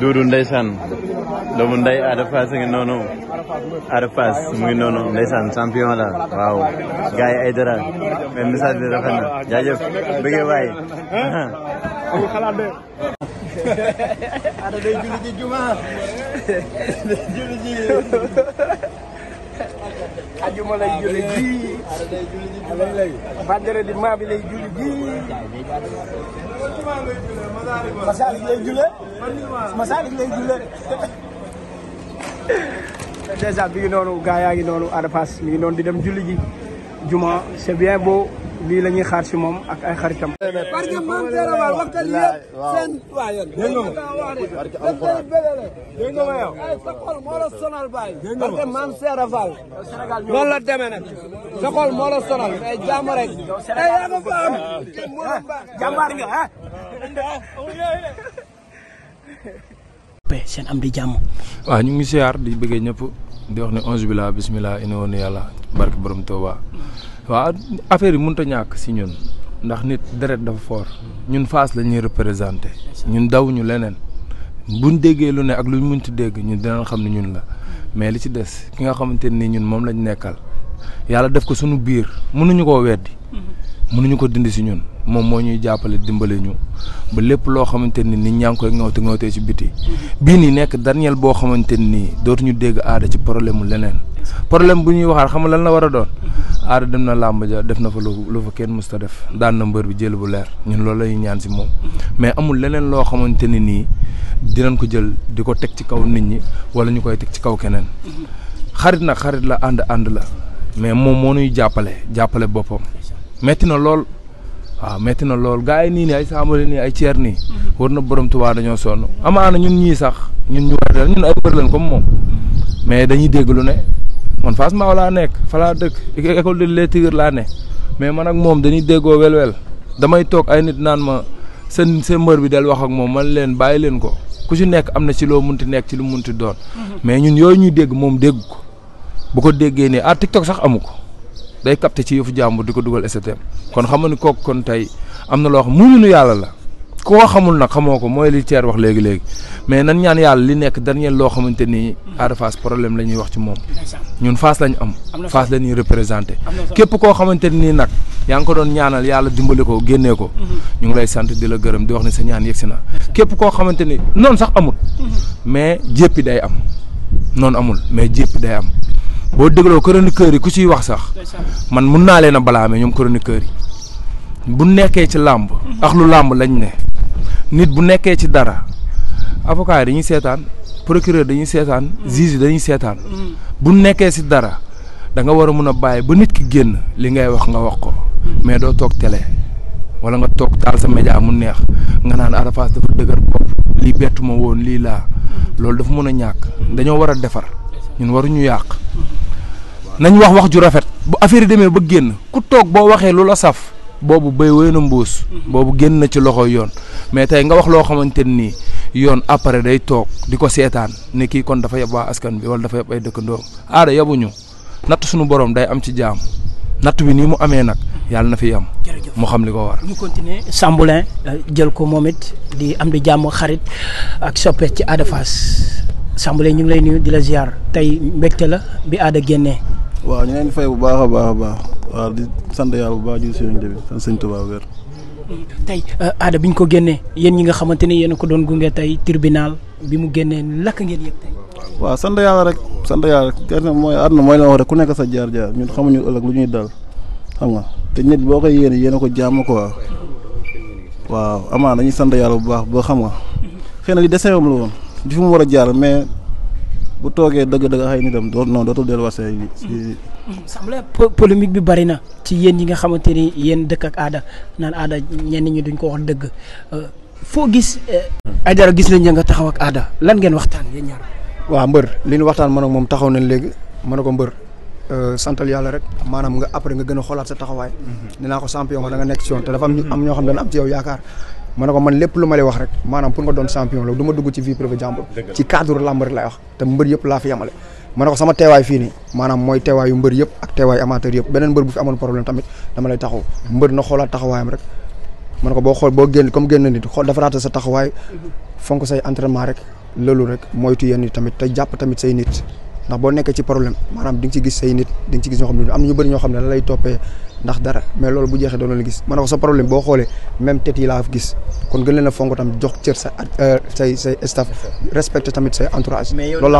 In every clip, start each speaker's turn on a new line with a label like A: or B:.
A: Duudu ndeysaan doomu ndey Ada ngi noonu Ada mu ngi noonu ndeysaan champion la waaw gars ay dara mais message bi rafet na jaajëf ajuma lay julli ji vendredi maa bi lay julli ji masaalik lay julle
B: masaalik lay julle
A: dèjà bi ngi noonu gaa yaa ngi noonu Ada Fass mi ngi di dem julli ji juma c'est lii la xaar si moom ak ay xaritam.
C: parce que man Dero
D: sa xol moo la sonal baay. dégg nga ma
B: parce que la demee
C: nag
D: sa xol moo la sonal mais rek. ngi ko am.
B: jàmbaar nga ah. seen am di jàmm. waaw ñu ngi di bëggee ñëpp di wax ne onze bila bismillah ina yàlla barke borom Touba. waaw affaire yi munut a ñàkk si ñun ndax nit deret dafa for ñun Fass la ñuy représenté ñun dawuñu leneen buñ déggee lu ne ak luñ mënti dégg ñun dinañ xam ne ñun la mais li ci des ki nga xamante ni ñun moom lañ nekkal yàlla def ko suñu biir mënuñu koo weddi mënuñu ko dind si ñun moom moo ñuy jàppale dimbale ñu ba lépp loo xamante ni nit ñaa ngi koy ŋawte ŋawtee ci biti mm-hmm. bii ni nekk dernier boo xamante ni dootuñu dégg aada ci problème mu leneen problème bu ñuy waxaat xam nga lan la war a doon mm-hmm. aada dem na làmb def na fa lu fa kenn musta def daan na mbër bi jël bu leer ñun loolu lañuy ñaan si moom mm-hmm. mais amul leneen loo xamante ni nii dinañ ko jël di ko teg ci kaw nit ñi wala ñu koy teg ci kaw keneen xarit nag xarit la ànd ànd la mais moom moo ñuy jàppale jàppale boppam metti na lool waaw metti na lool gars yi nii nii ay saamale nii ay ceer nii mhm. war na borom Tuubaa dañoo sonn amaana ñun ñii sax ñun ñu war ñun ay moom mais dañuy dégg lu ne man Fass ma laa nekk fa laa dëkk école lee lettres laa ne mais man ak moom dañuy déggoo wel-wel damay toog ay nit naan ma seen seen mbër bi dal wax ak moom man leen bàyyi leen ko ku ci nekk am na ci loo munti nekk ci lu munti doon mhm. mais ñun yooyu ñuy dégg moom dégg ko bu ko déggee nii ah TikTok sax amu ko day capté ci yëfu jàmbur di ko dugal STM kon xam nga ni kooku kon tey am na loo xam muñunu yàlla la koo xamul nag xamoo ko mooy li Thierre wax léegi léegi mais nan ñaan yàlla li nekk dernier loo xamante ni Ada Fass problème la ñuy wax ci moom ñun fas lañ am Fass la ñuy représenté képp koo xamante nii nag yaa ngi ko doon ñaanal yàlla dimbali ko génnee ko mm-hmm. ñu ngi lay sant di la gërëm di wax ne sa ñaan si na képp koo xamante ni noonu sax amul mm-hmm. mais jéppi day am noonu amul mais jépp day am boo dégloo chroniqueur yi ku ciy wax sax man mun naa leen a balaame ñoom chroniqueur yi bu nekkee ci làmb ak lu làmb lañ ne nit bu nekkee ci dara avocat dañuy seetaan procureur dañuy seetaan juge dañuy seetaan bu nekkee ci dara da nga war a mun a bàyyi ba nit ki génn li ngay wax nga wax ko mais doo toog tele wala nga toog taal sa média mu neex nga naan Ada Fass dafa dëgër bopp lii bett ma woon lii laa loolu dafa mën a ñàkk dañoo war a defar ñun waruñu yàq nañ wax wax ju rafet bu affaire demee ba génn ku toog boo waxee lu la saf boobu béy wéy na mbuus boobu génn na ci loxo yoon mais tey nga wax loo xamante nii yoon après day toog di ko seetaan ne kii kon dafa yab waa askan bi wala dafa yab ay dëkkandoo aada yabuñu natt suñu borom day am ci jaam natt bi nii mu amee nag yàlla na fi am. mu xam li ko war. ñu continuer euh, jël ko moom di am di jàmm xarit
A: ak soppe ci Ada Fass Samboulin ñu ngi lay nuyu di la ziar tey mbégte la bi Ada génnee.
C: waaw ñu leen fay bu baax
A: a ko génnee yéen ñi nga xamante ni yéen a ko doon gunge tey tribunal bi mu génnee lakk ngeen yëg tey.
C: waaw sant yàlla rek sant yàlla rek mooy àdduna mooy la wax rek ku nekk sa jaar jaar ñun xamuñu ëllëg lu ñuy dal xam nga. te nit boo koy yéene yéene ko jàmm quoi waaw amaa dañuy sant yàlla bu baax boo xam nga xëy na li desee am la woon di mu war a jaar mais bu toogee dëgg-dëgg ay nitam doo non dootul delluwaat seen si.
B: sam la
A: polémique bi bari na ci yéen yi nga xamante ni yéen dëkk ak aada naan aada ñenn ñi duñ ko wax dëgg euh, foo gis. Euh, Aïdara gis nañ nga taxaw ak aada lan ngeen waxtaan yéen ñaar. waa mbër li ñu waxtaan man ak moom taxaw nañ léegi man
D: ko mbër. Euh, santal yàlla rek maanaam nga après nga gën a xoolaat sa taxawaay nee naa ko champion nga da nga nekk ci yoon te dafa am am ñoo xam ne am ci ma doon champion la du dugg ci vie privée jàmbur ci cadre làmb rek laay wax te mbër yëpp laa fi yemale ma ne ko sama teewaay fii nii maanaam mooy teewaayu mbër yëpp ak teewaayu amateur yëpp beneen mbër bu fi amoon rek ma ne ko boo xool boo génn comme génn nit xool dafa raata sa taxawaay fonk say entraînement rek loolu rek moytu yenn tamit te jàpp tamit say nit ndax boo nekkee ci problème maanaam di nga ci gis say nit di nga ci gis ñoo xam ne am na ñu bëri ñoo xam ne la ko sa problème boo a fonk euh, mais yow en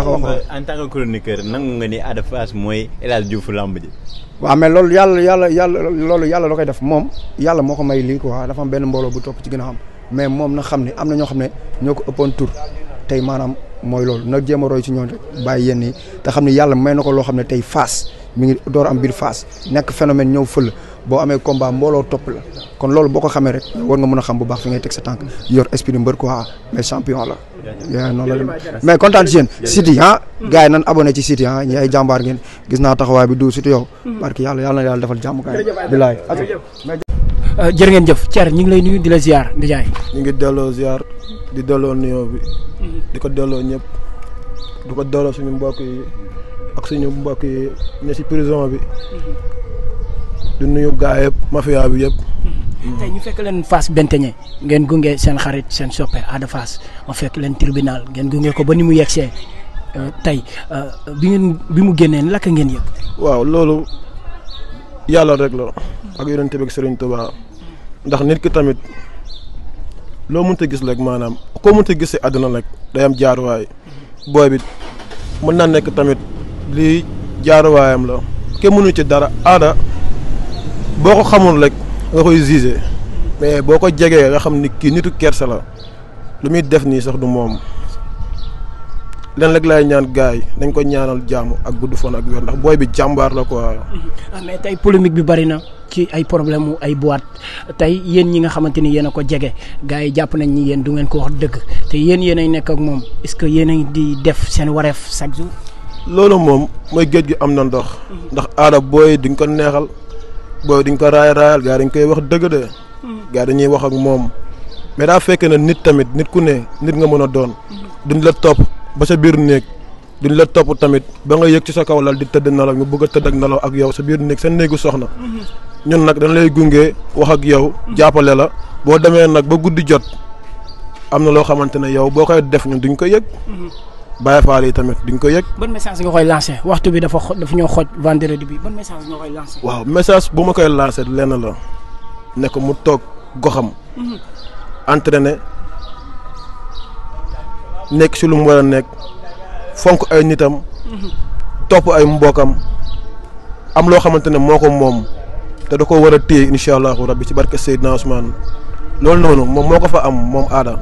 A: tant que chroniqueur nangu nga ni Ada mooy El Hadj Diouf yàlla
D: yàlla yàlla yàlla da koy def moom yàlla moo ko may lii quoi dafa am benn bu topp ci gën a moom na xam ne am na ñoo xam ne ñoo ko ëppoon tur tey maanaam mooy loolu na jéem a roy ci ñoom rek bàyyi yenn yi te xam ne yàlla may na ko loo xam ne tey Fass mi ngi door am biir Fass nekk phénomène ñëw fël boo amee combat mbooloo topp la kon loolu boo ko xamee rek war nga mën a xam bu baax fi ngay teg sa tànk yor esprit de mbër quoi mais champion la. yaa noonu la mais kontaan ci yéen site yi ah. gars nan abonné ci site ah gis naa taxawaay bi du surtout yow. parce hmm. yàlla yàlla na yàlla defal jàmm kaay. bilaay
A: Euh, jër ngeen jëf Thierre ñu ngi lay nuyu di la ziar
C: di ngi delloo ziar di delloo nuyoo bi. Mhm. di ko delloo ñëpp. di ko delloo suñu mbokk yi ak suñu mbokk yi ne ci prison bi. Mhm. di nuyu gaa yëpp mafia bi yëpp.
A: Mhm. tey ñu fekk leen Fass Benteñe ngeen gunge seen xarit seen soppe Ada Fass ma fekk leen tribunal ngeen gunge ko ba ni mu yegsee euh, tey euh, bi ngeen bi mu génnee lakk
C: ngeen yëpp. waaw loolu yàlla rek la. ak yonent bi ak Serigne Touba. ndax nit ki tamit loo mënta gis rek maanaam koo mënta gis si àdduna rek day am jaaruwaay booy bi mën naa nekk tamit lii jaaruwaayam la kenn mënu ci dara aada boo ko xamul rek nga koy jugé mais boo ko jegee nga xam ni kii nitu kersa la lu muy def nii sax du moom leen rek laay ñaan gars yi dañ ko ñaanal jàmm ak gudd fan ak wér ndax booy bi jàmbaar la ko ah
A: mais tey polémique bi bari na. ci ay problème mu ay boîte tey yéen ñi nga xamante ni yéen a ko jege gars yi jàpp nañ ni yéen du ngeen ko wax dëgg te yéen yéen ay nekk ak moom est-ce que yéen a di def seen wareef chaque jour.
C: loolu moom mooy géej gi am na ndox. Mhm. ndax aada booy duñ ko neexal booy duñ ko raay raayal gars dañ koy wax dëgg de. Mhm. gars dañuy wax ak moom mais daa fekk na nit tamit nit ku ne nit nga mën a doon. Mhm. duñ la topp ba sa biir néeg. duñ la topp tamit ba nga yëg ci sa kaw lal di tëdd nelaw nga bëgg a ak nelaw ak yow sa biir néeg sa néegu soxna ñun nag dañ lay gunge wax ak yow jàppale la boo demee nag ba guddi jot am na loo xamante ne yow boo koy def ñu duñ ko yëg. Mm-hmm. Baye Fall yi tamit duñ ko yëg. ban message nga koy lancé waxtu bi dafa dafa ñoo xooj vendredi bi ban message nga waaw message bu ma koy lancé lenn la ne ko mu toog goxam. Mm-hmm. entraîné nekk si lu mu war a nekk fonk ay nitam. Mm-hmm. topp ay mbokam am loo xamante ne moo ko moom. te da koo war a téye incha allahu rabbi ci barke na Ousmane loolu noonu moom moo ko fa am moom aada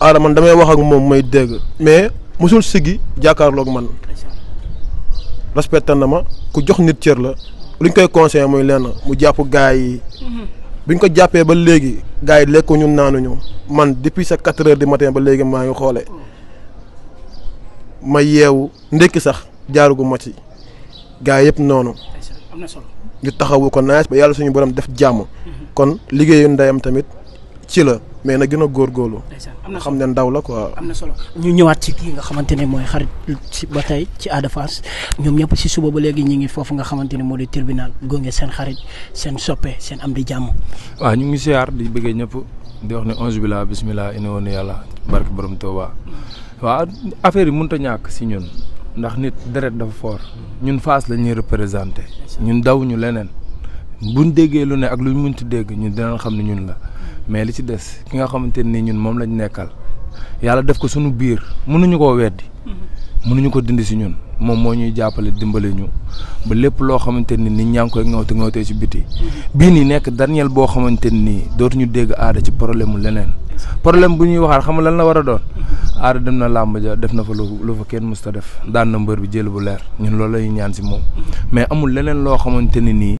C: aada man damay wax ak moom may dégg mais mosul siggi jàkkaarloog man respecté na ma ku jox nit cër la lu ñu koy conseillé muy lenn mu jàpp gaay yi mm-hmm. bi ñu ko jàppee ba léegi gars yi lekkuñu naanuñu man depuis sa quatre heures du matin ba léegi maa ngi xoole ma yeewu ndekki sax ma ci gars yëpp noonu. am ñu taxawu kon naaj ba yàlla suñu borom def jàmm. kon liggéeyu ndeyam tamit ci la mais na gën a góorgóorlu. am na xam ne ndaw la quoi. am na solo
A: ñu ñëwaat ci kii nga xamante ne mooy xarit ci ba tey ci Ada Fass ñoom ñëpp si suba ba léegi ñu ngi foofu nga xamante ne moo di tribunal gunge seen xarit seen soppe seen am di jàmm.
B: waaw ñu ngi siyaar di bëggee ñëpp di wax ne onze billah bismillah ina yàlla barke borom Touba mm. waaw affaire yi mënut a ñàkk si ñun. ndax nit deret dafa foor ñun Fass la ñuy représenté ñun daw ñu leneen buñ déggee lu ne ak lu luñ mënti dégg ñu dinañ xam ne ñun la mais li ci des ki nga xamante ni ñun moom lañ nekkal yàlla def ko suñu biir mun mënuñu koo weddi mhm. mënuñu ko dind si ñun moom moo ñuy jàppale dimbali ñu ba lépp loo xamante ni nit ñaa ngi koy ŋawte ŋawtee ci biti mm-hmm. bii nii nekk dernier boo xamante nii dootuñu dégg aada ci problème mu leneen problème bu ñuy waxaat xam nga lan la war a doon mm-hmm. aada dem na làmb ja def na fa lu fa kenn musta def daan na mbër bi jël bu leer ñun loolu lañuy ñaan si moom mm-hmm. mais amul leneen loo xamante ni nii